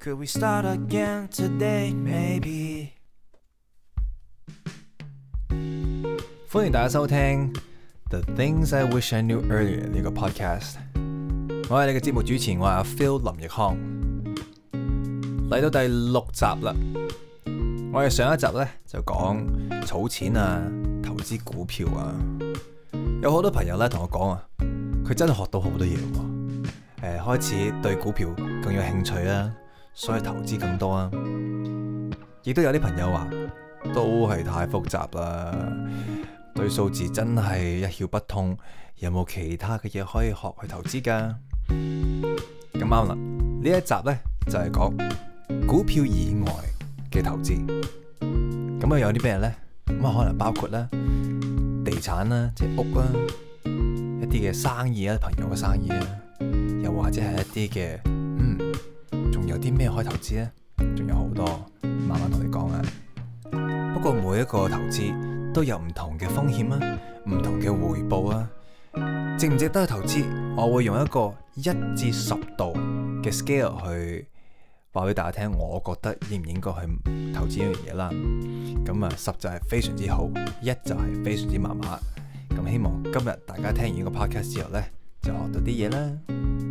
Could we start again today, maybe? 歡迎大家收聽《The Things I Wish I Knew Earlier》呢個 podcast。我係你嘅節目主持人，我係 Phil 林奕康。嚟到第六集啦。我哋上一集咧就講儲錢啊，投資股票啊，有好多朋友咧同我講啊，佢真係學到好多嘢，誒、呃，開始對股票更有興趣啦。所以投資更多啊，亦都有啲朋友話都係太複雜啦，對數字真係一竅不通，有冇其他嘅嘢可以學去投資㗎？咁啱啦，呢一集呢就係、是、講股票以外嘅投資。咁啊有啲咩呢？咁啊可能包括啦，地產啦、啊，即、就、係、是、屋啦、啊，一啲嘅生意啦、啊，朋友嘅生意啦、啊，又或者係一啲嘅。有啲咩可以投資呢？仲有好多，慢慢同你講啊。不過每一個投資都有唔同嘅風險啊，唔同嘅回報啊，值唔值得去投資？我會用一個一至十度嘅 scale 去話俾大家聽，我覺得應唔應該去投資呢樣嘢啦。咁啊，十就係非、非常之好，一就係非常之麻麻。咁希望今日大家聽完個 podcast 之後呢，就學到啲嘢啦。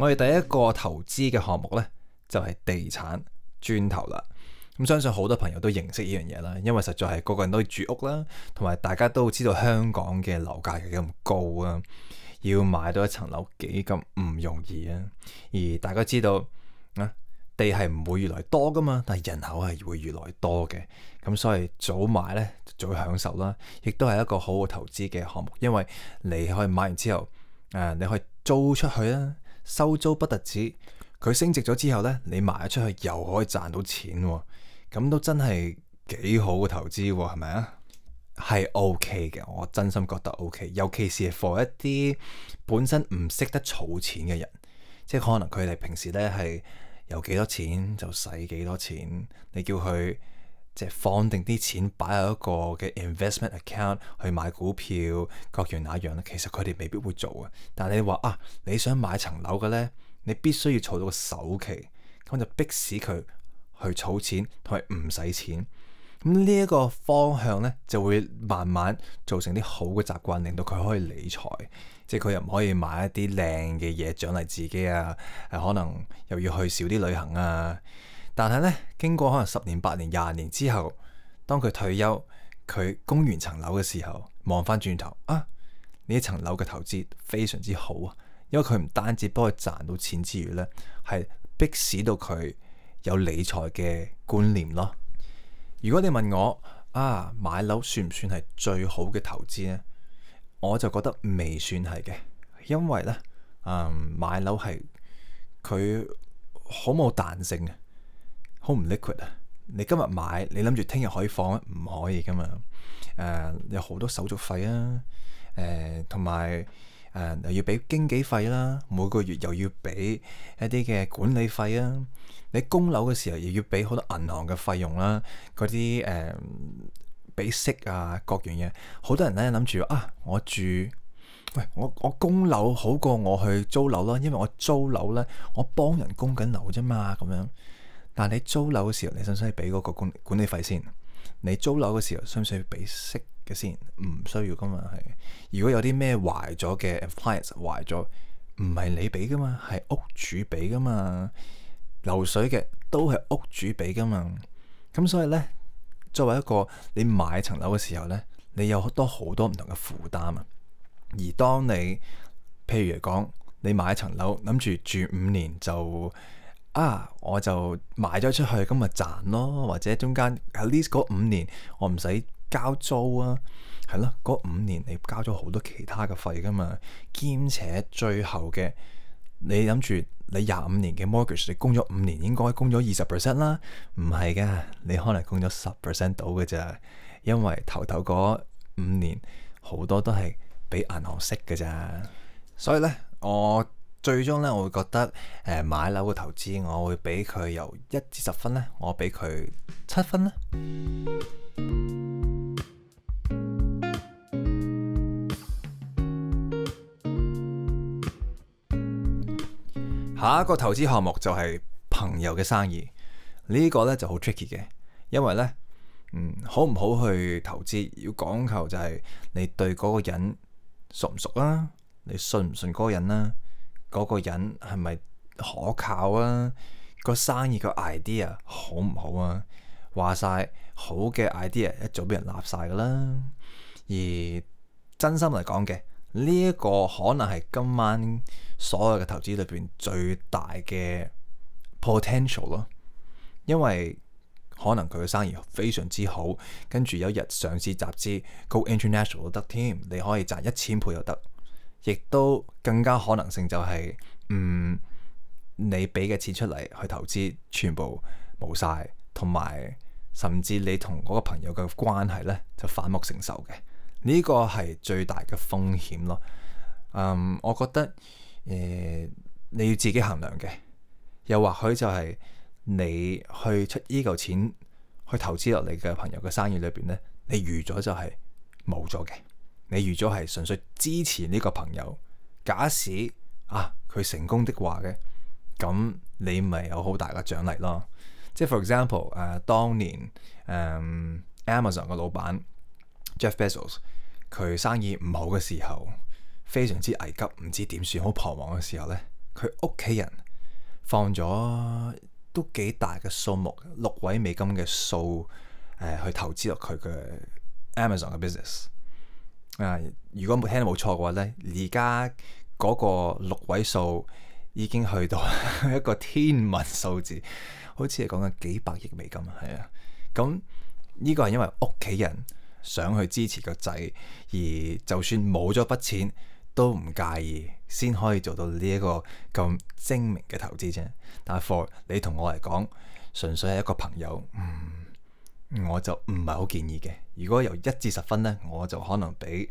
我哋第一個投資嘅項目呢，就係、是、地產磚頭啦，咁相信好多朋友都認識呢樣嘢啦，因為實在係個個人都住屋啦，同埋大家都知道香港嘅樓價係咁高啊，要買到一層樓幾咁唔容易啊，而大家知道啊，地係唔會越嚟越多噶嘛，但係人口係會越嚟越多嘅，咁所以早買呢早享受啦，亦都係一個好好投資嘅項目，因為你可以買完之後誒、啊、你可以租出去啦。收租不特止，佢升值咗之後呢，你賣咗出去又可以賺到錢喎，咁都真係幾好嘅投資喎，係咪啊？係 O K 嘅，我真心覺得 OK，尤其是 for 一啲本身唔識得儲錢嘅人，即係可能佢哋平時呢係有幾多錢就使幾多錢，你叫佢。即係放定啲錢擺喺一個嘅 investment account 去買股票，各樣那樣咧，其實佢哋未必會做嘅。但係你話啊，你想買層樓嘅咧，你必須要儲到個首期，咁就逼使佢去儲錢同埋唔使錢。咁呢一個方向咧，就會慢慢做成啲好嘅習慣，令到佢可以理財。即係佢又唔可以買一啲靚嘅嘢獎勵自己啊，誒，可能又要去少啲旅行啊。但係咧，經過可能十年、八年、廿年之後，當佢退休，佢供完層樓嘅時候，望翻轉頭啊，呢層樓嘅投資非常之好啊，因為佢唔單止幫佢賺到錢之餘呢，係逼使到佢有理財嘅觀念咯。如果你問我啊，買樓算唔算係最好嘅投資呢？我就覺得未算係嘅，因為呢，嗯，買樓係佢好冇彈性嘅。好唔 liquid 啊！你今日買，你諗住聽日可以放，唔可以㗎嘛？誒、呃，有好多手續費啊！誒、呃，同埋、呃、又要俾經紀費啦、啊，每個月又要俾一啲嘅管理費啊！你供樓嘅時候，又要俾好多銀行嘅費用啦、啊，嗰啲誒俾息啊，各樣嘢。好多人咧諗住啊，我住，喂，我我供樓好過我去租樓啦，因為我租樓咧，我幫人供緊樓啫嘛，咁樣。但你租樓嘅時候，你使唔使要俾嗰個管管理費先？你租樓嘅時候，需唔需要俾息嘅先？唔需要噶嘛，係。如果有啲咩壞咗嘅 appliance 壞咗，唔係你俾噶嘛，係屋主俾噶嘛。流水嘅都係屋主俾噶嘛。咁所以呢，作為一個你買層樓嘅時候呢，你有好多好多唔同嘅負擔啊。而當你譬如嚟講，你買層樓諗住住五年就。啊！Ah, 我就賣咗出去，咁咪賺咯。或者中間喺呢嗰五年，我唔使交租啊。係咯，嗰五年你交咗好多其他嘅費噶嘛。兼且最後嘅你諗住，你廿五年嘅 mortgage 你供咗五年，應該供咗二十 percent 啦。唔係嘅，你可能供咗十 percent 到嘅咋，因為頭頭嗰五年好多都係俾銀行息嘅咋。所以咧，我。最終呢，我會覺得誒、呃，買樓嘅投資我會俾佢由一至十分咧，我俾佢七分呢。下一個投資項目就係朋友嘅生意呢、呢個呢就好 tricky 嘅，因為呢，嗯，好唔好去投資要講求就係你對嗰個人熟唔熟，熟啊？你信唔信嗰個人啦、啊？嗰個人係咪可靠啊？個生意個 idea 好唔好啊？話晒，好嘅 idea 一早俾人立晒噶啦。而真心嚟講嘅，呢一個可能係今晚所有嘅投資裏邊最大嘅 potential 咯。因為可能佢嘅生意非常之好，跟住有一日上市集資 ，go international 都得添，你可以賺一千倍又得。亦都更加可能性就係、是，嗯，你俾嘅錢出嚟，去投資，全部冇晒，同埋甚至你同嗰個朋友嘅關係呢，就反目成仇嘅，呢個係最大嘅風險咯。嗯，我覺得，誒、呃，你要自己衡量嘅，又或許就係你去出呢嚿錢去投資落你嘅朋友嘅生意裏邊呢，你預咗就係冇咗嘅。你預咗係純粹支持呢個朋友。假使啊，佢成功的話嘅，咁、啊、你咪有好大嘅獎勵咯。即係，for example，誒當年誒、啊、Amazon 嘅老闆 Jeff Bezos 佢生意唔好嘅時候，非常之危急，唔知點算，好彷徨嘅時候呢，佢屋企人放咗都幾大嘅數目，六位美金嘅數誒、啊、去投資落佢嘅 Amazon 嘅 business。啊！如果冇聽得冇錯嘅話呢，而家嗰個六位數已經去到一個天文數字，好似係講緊幾百億美金啊！係啊，咁呢個係因為屋企人想去支持個仔，而就算冇咗筆錢都唔介意，先可以做到呢一個咁精明嘅投資啫。但係 for 你同我嚟講，純粹係一個朋友。嗯我就唔係好建議嘅。如果由一至十分呢，我就可能俾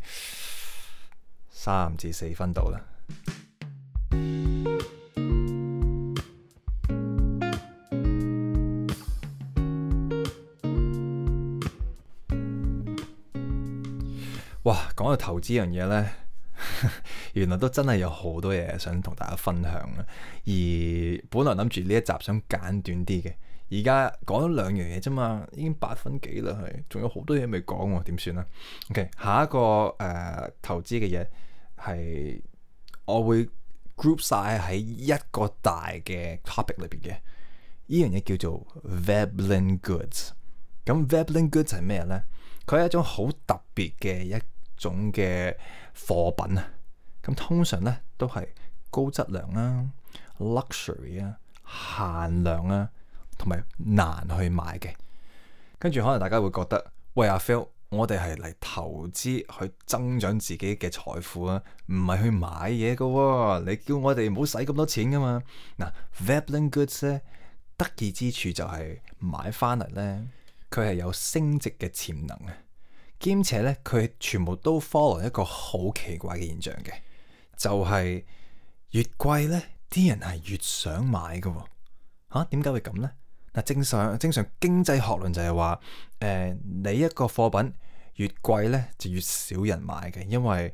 三至四分到啦。哇，講到投資樣嘢呢，原來都真係有好多嘢想同大家分享啊！而本來諗住呢一集想簡短啲嘅。而家講咗兩樣嘢啫嘛，已經八分幾啦。係，仲有好多嘢未講喎，點算啦？OK，下一個誒、呃、投資嘅嘢係我會 group 晒喺一個大嘅 topic 裏邊嘅呢樣嘢叫做 Veblen goods。咁 Veblen goods 係咩咧？佢係一種好特別嘅一種嘅貨品啊。咁通常咧都係高質量啦、啊、luxury 啊、限量啊。同埋難去買嘅，跟住可能大家會覺得，喂阿 Phil，我哋係嚟投資去增長自己嘅財富啊，唔係去買嘢嘅喎。你叫我哋唔好使咁多錢噶嘛？嗱，Veblen Goods 咧得意之處就係買翻嚟咧，佢係有升值嘅潛能啊，兼且咧佢全部都 follow 一個好奇怪嘅現象嘅，就係越貴咧，啲人係越想買嘅嚇。點解會咁咧？嗱，正常正常經濟學論就係話，誒、呃，你一個貨品越貴咧，就越少人買嘅，因為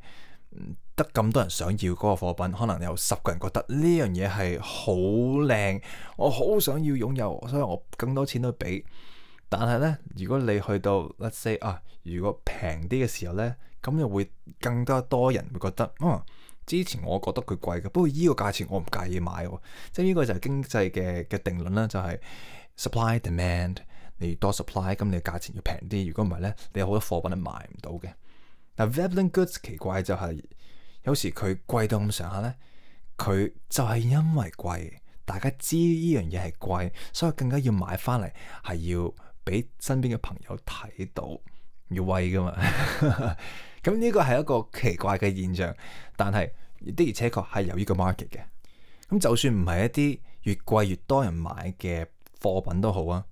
得咁、嗯、多人想要嗰個貨品，可能有十個人覺得呢樣嘢係好靚，我好想要擁有，所以我更多錢都俾。但係咧，如果你去到 Let's say 啊，如果平啲嘅時候咧，咁又會更加多人會覺得，哦、嗯，之前我覺得佢貴嘅，不過依個價錢我唔介意買喎，即係依個就係經濟嘅嘅定論啦，就係、是。Supply demand，你越多 supply，咁你嘅價錢要平啲。如果唔係咧，你好多貨品都買唔到嘅。嗱 Veblen goods 奇怪就係有時佢貴到咁上下咧，佢就係因為貴，大家知呢樣嘢係貴，所以更加要買翻嚟，係要俾身邊嘅朋友睇到，要威噶嘛。咁 呢個係一個奇怪嘅現象，但係的而且確係有呢個 market 嘅。咁就算唔係一啲越貴越多人買嘅。貨品都好啊，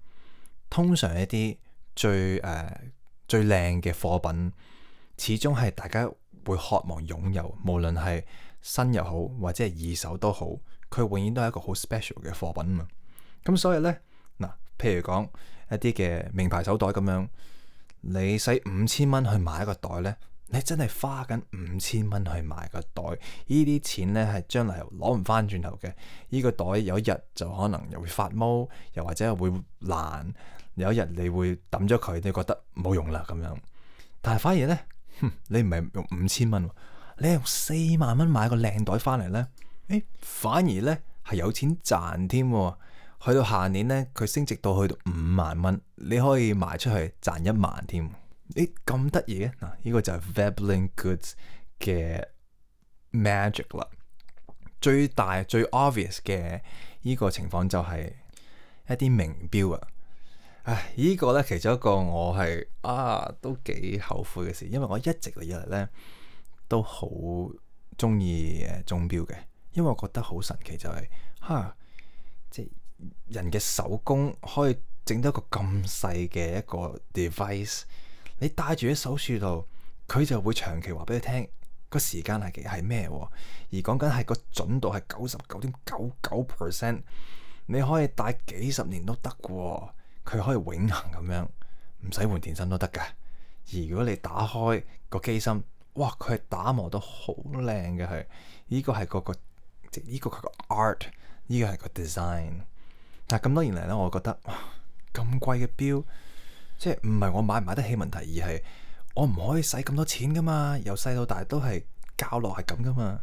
通常一啲最誒、呃、最靚嘅貨品，始終係大家會渴望擁有，無論係新又好或者係二手都好，佢永遠都係一個好 special 嘅貨品啊嘛。咁所以呢，嗱，譬如講一啲嘅名牌手袋咁樣，你使五千蚊去買一個袋呢。你真係花緊五千蚊去買個袋，呢啲錢呢係將來攞唔翻轉頭嘅。呢個袋有一日就可能又會發毛，又或者又會爛。有一日你會抌咗佢，你覺得冇用啦咁樣。但係反而呢，你唔係用五千蚊，你用四萬蚊買個靚袋翻嚟呢，誒，反而呢係有錢賺添。去到下年呢，佢升值到去到五萬蚊，你可以賣出去賺一萬添。誒咁得意嘅？嗱，呢、這個就係 Veblen、e、goods 嘅 magic 啦。最大最 obvious 嘅依個情況就係一啲名表啊。唉，依、這個咧，其中一個我係啊，都幾後悔嘅事，因為我一直以嚟咧都好中意誒鐘表嘅，因為我覺得好神奇，就係、是、嚇、啊、即係人嘅手工可以整到一個咁細嘅一個 device。你戴住喺手錶度，佢就會長期話俾你聽，個時間係幾係咩喎？而講緊係個準度係九十九點九九 percent，你可以戴幾十年都得嘅，佢可以永恆咁樣，唔使換電芯都得嘅。而如果你打開個機芯，哇，佢打磨到好靚嘅佢，呢個係個個，呢個係個 art，呢個係個 design。但咁多年嚟呢，我覺得咁貴嘅表。即係唔係我買唔買得起問題，而係我唔可以使咁多錢噶嘛。由細到大都係教落係咁噶嘛。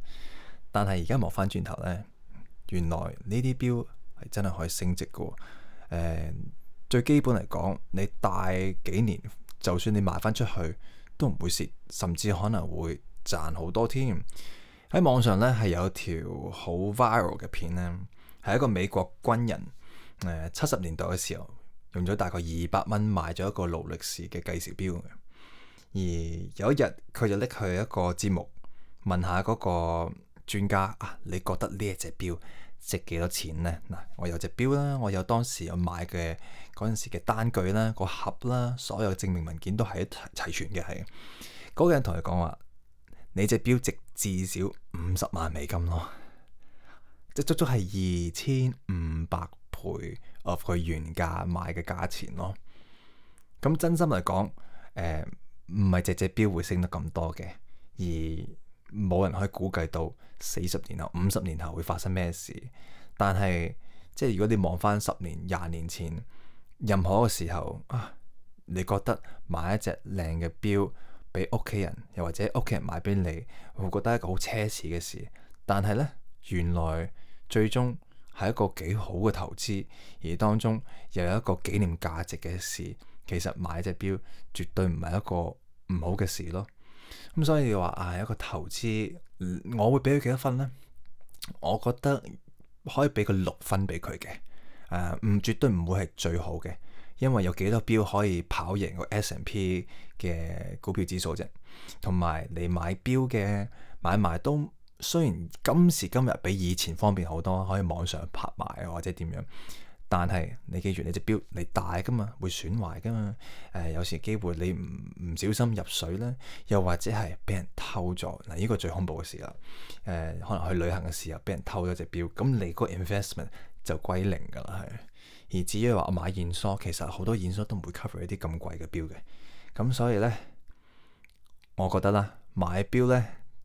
但係而家望翻轉頭呢，原來呢啲表係真係可以升值噶。誒、嗯，最基本嚟講，你戴幾年，就算你賣翻出去，都唔會蝕，甚至可能會賺好多添。喺網上呢，係有條好 viral 嘅片呢，係一個美國軍人誒七十年代嘅時候。用咗大概二百蚊買咗一個勞力士嘅計時表，而有一日佢就拎去一個節目問下嗰個專家啊，你覺得呢隻表值幾多錢呢？嗱，我有隻表啦，我有當時我買嘅嗰陣時嘅單據啦，個盒啦，所有證明文件都係一齊全嘅，係嗰、嗰個人同佢講話，你隻表值至少五十萬美金咯，即足足係二千五百倍 of 佢原價買嘅價錢咯。咁真心嚟講，誒唔係隻隻表會升得咁多嘅，而冇人可以估計到四十年後、五十年後會發生咩事。但係即係如果你望返十年、廿年前，任何一個時候啊，你覺得買一隻靚嘅表俾屋企人，又或者屋企人買俾你，會，會覺得係一個好奢侈嘅事。但係呢，原來最終，係一個幾好嘅投資，而當中又有一個紀念價值嘅事，其實買隻表絕對唔係一個唔好嘅事咯。咁所以話啊，一個投資，我會俾佢幾多分呢？我覺得可以俾佢六分俾佢嘅。誒、呃，唔絕對唔會係最好嘅，因為有幾多標可以跑贏個 S&P 嘅股票指數啫。同埋你買標嘅買賣都。雖然今時今日比以前方便好多，可以網上拍賣或者點樣，但係你記住，你隻表你戴噶嘛，會損壞噶嘛。誒、呃，有時機會你唔唔小心入水咧，又或者係俾人偷咗嗱，呢、這個最恐怖嘅事啦。誒、呃，可能去旅行嘅時候俾人偷咗隻表，咁你個 investment 就歸零噶啦，係。而至於話買燕梳，其實好多燕梳都唔會 cover 一啲咁貴嘅表嘅，咁所以咧，我覺得啦買表咧。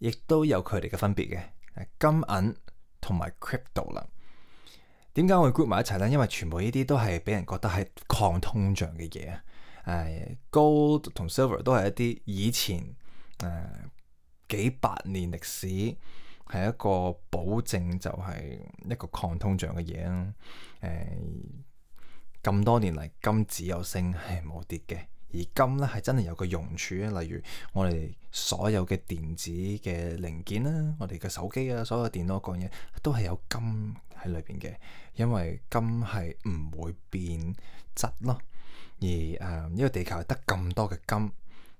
亦都有佢哋嘅分別嘅，金銀同埋 crypto 啦。點解我會 group 埋一齊呢？因為全部呢啲都係俾人覺得係抗通脹嘅嘢啊！誒、呃，gold 同 silver 都係一啲以前誒、呃、幾百年歷史，係一個保證，就係一個抗通脹嘅嘢啦。誒、呃，咁多年嚟，金只有升，係冇跌嘅。而金咧係真係有個用處啊，例如我哋所有嘅電子嘅零件啦，我哋嘅手機啊，所有電腦講嘢都係有金喺裏邊嘅，因為金係唔會變質咯。而誒、呃，呢個地球係得咁多嘅金，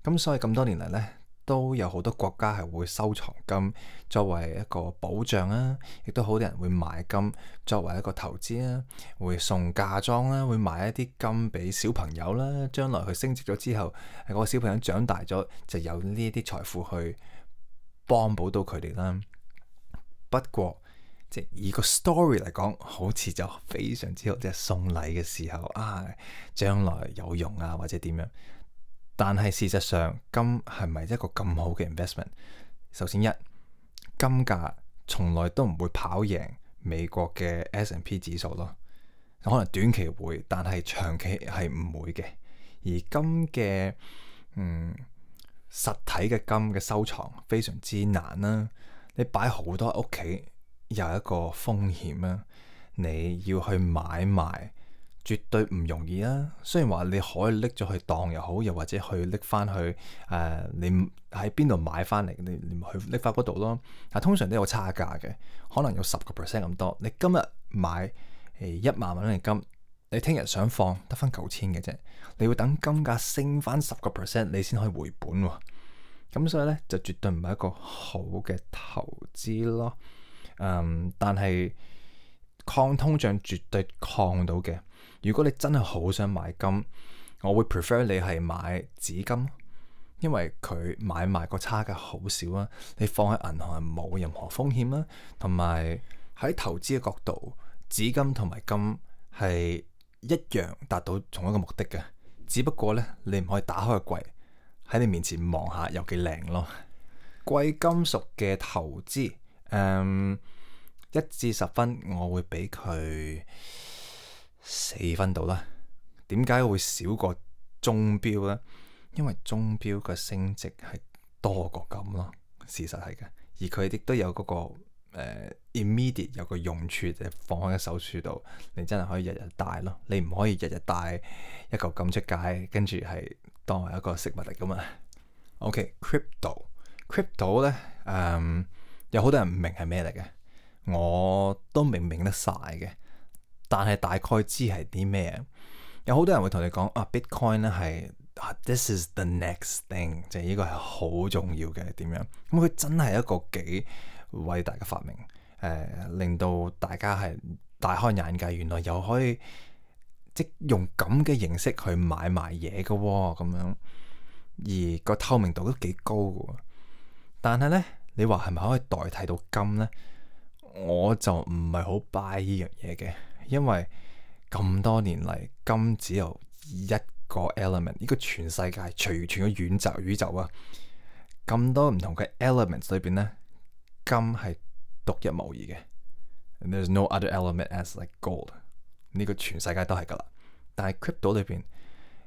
咁所以咁多年嚟咧，都有好多國家係會收藏金作為一個保障啦，亦都好多人會買金作為一個投資啦，會送嫁妝啦，會買一啲金俾小朋友啦，將來佢升值咗之後，個小朋友長大咗就有呢啲財富去幫補到佢哋啦。不過，即以個 story 嚟講，好似就非常之好，即係送禮嘅時候啊，將來有用啊，或者點樣？但係事實上，金係咪一個咁好嘅 investment？首先一，金價從來都唔會跑贏美國嘅 S&P 指數咯。可能短期會，但係長期係唔會嘅。而金嘅，嗯，實體嘅金嘅收藏非常之難啦、啊。你擺好多屋企有一個風險啦、啊。你要去買賣。絕對唔容易啊！雖然話你可以拎咗去當又好，又或者去拎翻去誒，你喺邊度買翻嚟，你你去拎翻嗰度咯。但通常都有差價嘅，可能有十個 percent 咁多。你今日買誒一萬蚊嘅金，你聽日想放得翻九千嘅啫，你要等金價升翻十個 percent，你先可以回本喎，啊。咁所以咧，就絕對唔係一個好嘅投資咯。嗯，但係。抗通脹絕對抗到嘅。如果你真係好想買金，我會 prefer 你係買紙金，因為佢買賣個差價好少啦。你放喺銀行係冇任何風險啦，同埋喺投資嘅角度，紙金同埋金係一樣達到同一個目的嘅。只不過咧，你唔可以打開個櫃喺你面前望下有幾靚咯。貴金屬嘅投資，誒，um。一至十分，我會俾佢四分到啦。點解會少過鐘表呢？因為鐘表個升值係多過金咯，事實係嘅。而佢亦都有嗰、那個、呃、immediate 有個用處，就放喺個手處度，你真係可以日日帶咯。你唔可以日日帶一嚿金出街，跟住係當為一個飾物嚟㗎嘛。OK，crypto，crypto、okay, 咧，誒、嗯，有好多人唔明係咩嚟嘅。我都明明得晒嘅，但係大概知係啲咩？有好多人會同你講啊，Bitcoin 咧係、啊，This is the next thing，即係呢個係好重要嘅，點樣咁佢、嗯、真係一個幾偉大嘅發明，誒、呃、令到大家係大開眼界，原來又可以即用咁嘅形式去買賣嘢嘅喎，咁樣而個透明度都幾高嘅喎。但係呢，你話係咪可以代替到金呢？我就唔係好 buy 呢樣嘢嘅，因為咁多年嚟金只有一個 element，呢個全世界全嘅宇宙宇宙啊，咁多唔同嘅 element 裏邊呢，金係獨一無二嘅。And There's no other element as like gold。呢個全世界都係噶啦，但係 crypto 裏邊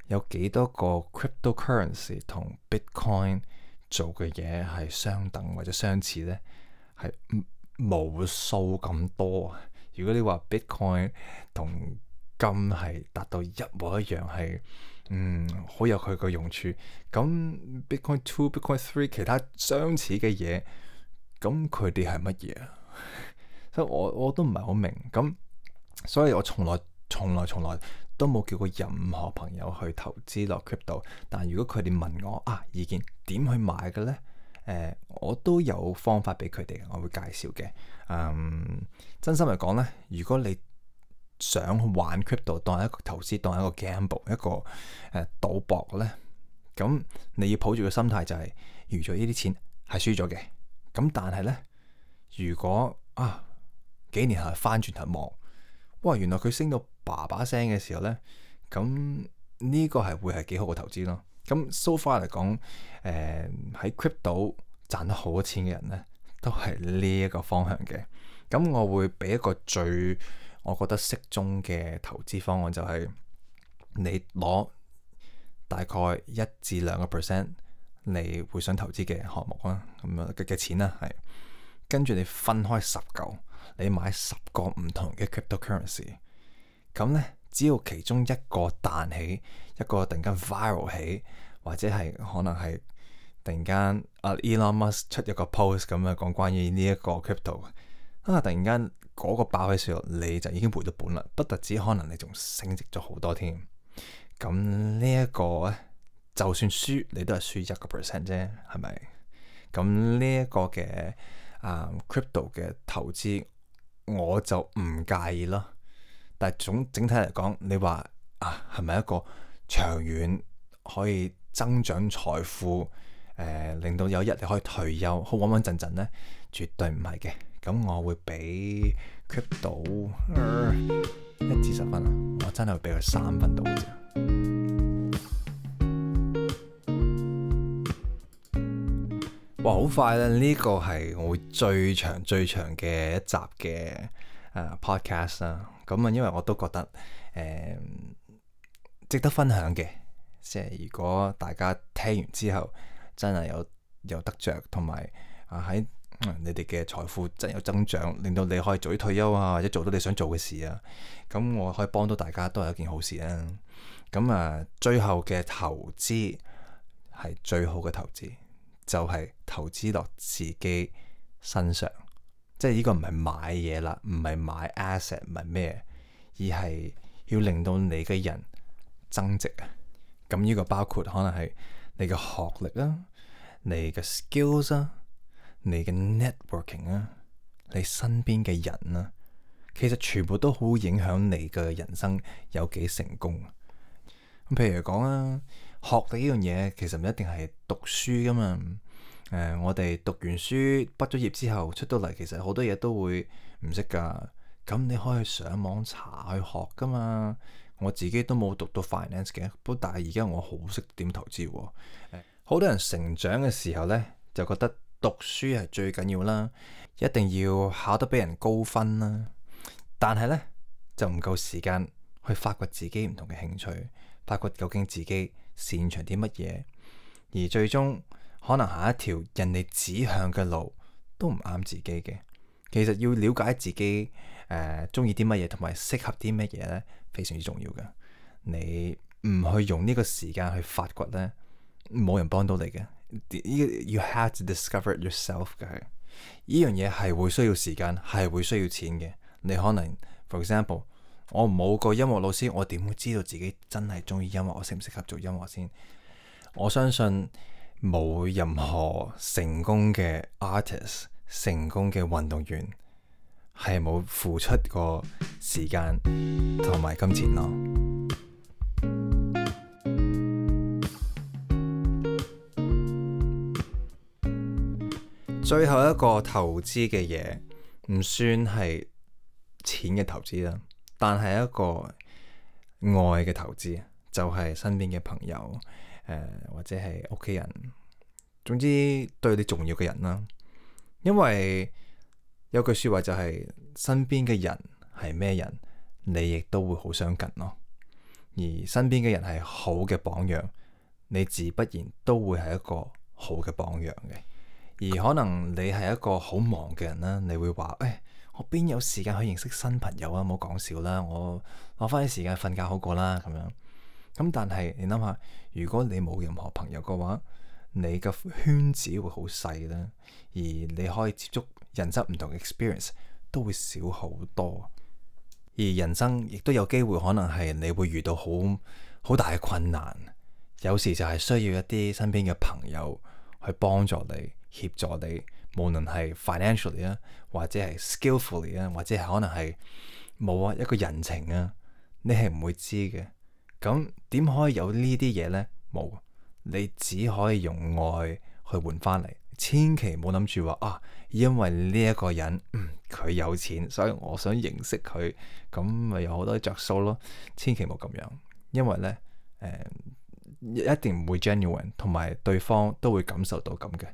有幾多個 cryptocurrency 同 bitcoin 做嘅嘢係相等或者相似呢？係無數咁多啊！如果你話 Bitcoin 同金係達到一模一樣係，嗯，好有佢嘅用處，咁 Bitcoin Two、Bitcoin Three 其他相似嘅嘢，咁佢哋係乜嘢啊？ 所以我我都唔係好明。咁所以我從來從來從來都冇叫過任何朋友去投資落 Crypto。但如果佢哋問我啊意見點去買嘅呢？誒、呃，我都有方法俾佢哋，我會介紹嘅。嗯，真心嚟講咧，如果你想玩 crypto 當一個投資，當一個 gamble，一個誒賭、呃、博咧，咁你要抱住個心態就係、是，預咗呢啲錢係輸咗嘅。咁但係咧，如果啊幾年後翻轉頭望，哇，原來佢升到爸爸聲嘅時候咧，咁呢個係會係幾好嘅投資咯。咁 so far 嚟講，誒、呃、喺 crypto 到賺得好多錢嘅人咧，都係呢一個方向嘅。咁我會俾一個最我覺得適中嘅投資方案，就是，就係你攞大概一至兩個 percent，你會想投資嘅項目啦，咁樣嘅錢啦，係跟住你分開十嚿，你買十個唔同嘅 cryptocurrency，咁咧。只要其中一個彈起，一個突然間 viral 起，或者係可能係突然間啊、uh, Elon Musk 出一個 post 咁啊，講關於呢一個 crypto 啊，突然間嗰個爆起輸，你就已經回到本啦，不特止可能你仲升值咗好多添。咁呢一個咧，就算輸你都係輸一個 percent 啫，係咪？咁呢一個嘅啊 crypto 嘅投資，我就唔介意啦。但係總整體嚟講，你話啊係咪一個長遠可以增長財富，誒、呃、令到有一日你可以退休好穩穩陣陣呢，絕對唔係嘅。咁我會俾 Clip 到一至十分啊！我真係會俾佢三分到嘅。哇！好快咧，呢、呢個係我最長最長嘅一集嘅啊、uh, Podcast 啦～咁啊，因為我都覺得誒、呃、值得分享嘅，即係如果大家聽完之後真係有有得着，同埋啊喺你哋嘅財富真有增長，令到你可以早啲退休啊，或者做到你想做嘅事啊，咁我可以幫到大家都係一件好事啊。咁啊、呃，最後嘅投資係最好嘅投資，就係、是、投資落自己身上。即係呢個唔係買嘢啦，唔係買 asset，唔係咩，而係要令到你嘅人增值啊！咁呢個包括可能係你嘅學歷啦、啊、你嘅 skills 啦、啊、你嘅 networking 啦、啊、你身邊嘅人啦、啊，其實全部都好影響你嘅人生有幾成功，啊。咁譬如講啊，學歷呢樣嘢其實唔一定係讀書㗎嘛。誒、呃，我哋讀完書、畢咗業之後出到嚟，其實好多嘢都會唔識噶。咁你可以上網查去學噶嘛。我自己都冇讀到 finance 嘅，不過但係而家我好識點投資。誒，好多人成長嘅時候呢，就覺得讀書係最緊要啦，一定要考得比人高分啦。但係呢，就唔夠時間去發掘自己唔同嘅興趣，發掘究竟自己擅長啲乜嘢，而最終。可能下一條人哋指向嘅路都唔啱自己嘅。其實要了解自己誒中意啲乜嘢，同、呃、埋適合啲乜嘢咧，非常之重要嘅。你唔去用呢個時間去發掘咧，冇人幫到你嘅。你要 have to discover yourself 嘅，呢樣嘢係會需要時間，係會需要錢嘅。你可能，for example，我冇個音樂老師，我點會知道自己真係中意音樂，我適唔適合做音樂先？我相信。冇任何成功嘅 artist，成功嘅運動員係冇付出過時間同埋金錢咯。最後一個投資嘅嘢，唔算係錢嘅投資啦，但係一個愛嘅投資啊，就係身邊嘅朋友。誒、呃，或者係屋企人，總之對你重要嘅人啦。因為有句說話就係、是，身邊嘅人係咩人，你亦都會好相近咯。而身邊嘅人係好嘅榜樣，你自不然都會係一個好嘅榜樣嘅。而可能你係一個好忙嘅人啦，你會話誒、哎，我邊有時間去認識新朋友啊？唔好講笑啦，我攞翻啲時間瞓覺好過啦，咁樣。咁但係你諗下，如果你冇任何朋友嘅話，你嘅圈子會好細啦，而你可以接觸人生唔同嘅 experience 都會少好多，而人生亦都有機會可能係你會遇到好好大嘅困難，有時就係需要一啲身邊嘅朋友去幫助你、協助你，無論係 financially 啊，或者係 skillfully 啊，或者係可能係冇啊一個人情啊，你係唔會知嘅。咁點可以有呢啲嘢呢？冇，你只可以用愛去換翻嚟。千祈唔好諗住話啊，因為呢一個人佢、嗯、有錢，所以我想認識佢，咁咪有好多着數咯。千祈唔好咁樣，因為呢，嗯、一定唔會 genuine，同埋對方都會感受到咁嘅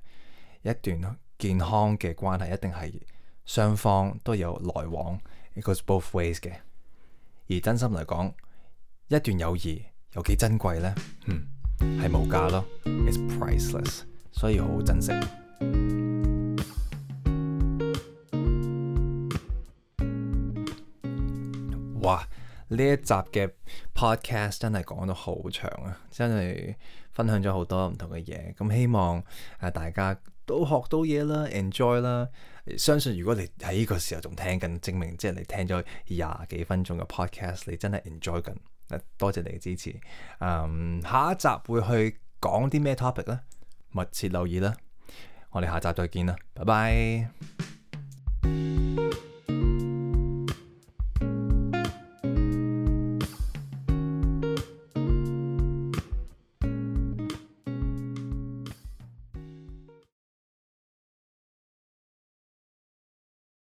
一段健康嘅關係，一定係雙方都有來往，it goes both ways 嘅。而真心嚟講，一段友誼有幾珍貴呢？嗯，係無價咯，It's priceless，所以好好珍惜。哇，呢一集嘅 podcast 真係講到好長啊，真係分享咗好多唔同嘅嘢。咁希望誒大家都學到嘢啦，enjoy 啦。相信如果你喺呢個時候仲聽緊，證明即係、就是、你聽咗廿幾分鐘嘅 podcast，你真係 enjoy 緊。多謝你嘅支持，嗯，下一集會去講啲咩 topic 呢？密切留意啦，我哋下集再見啦，拜拜。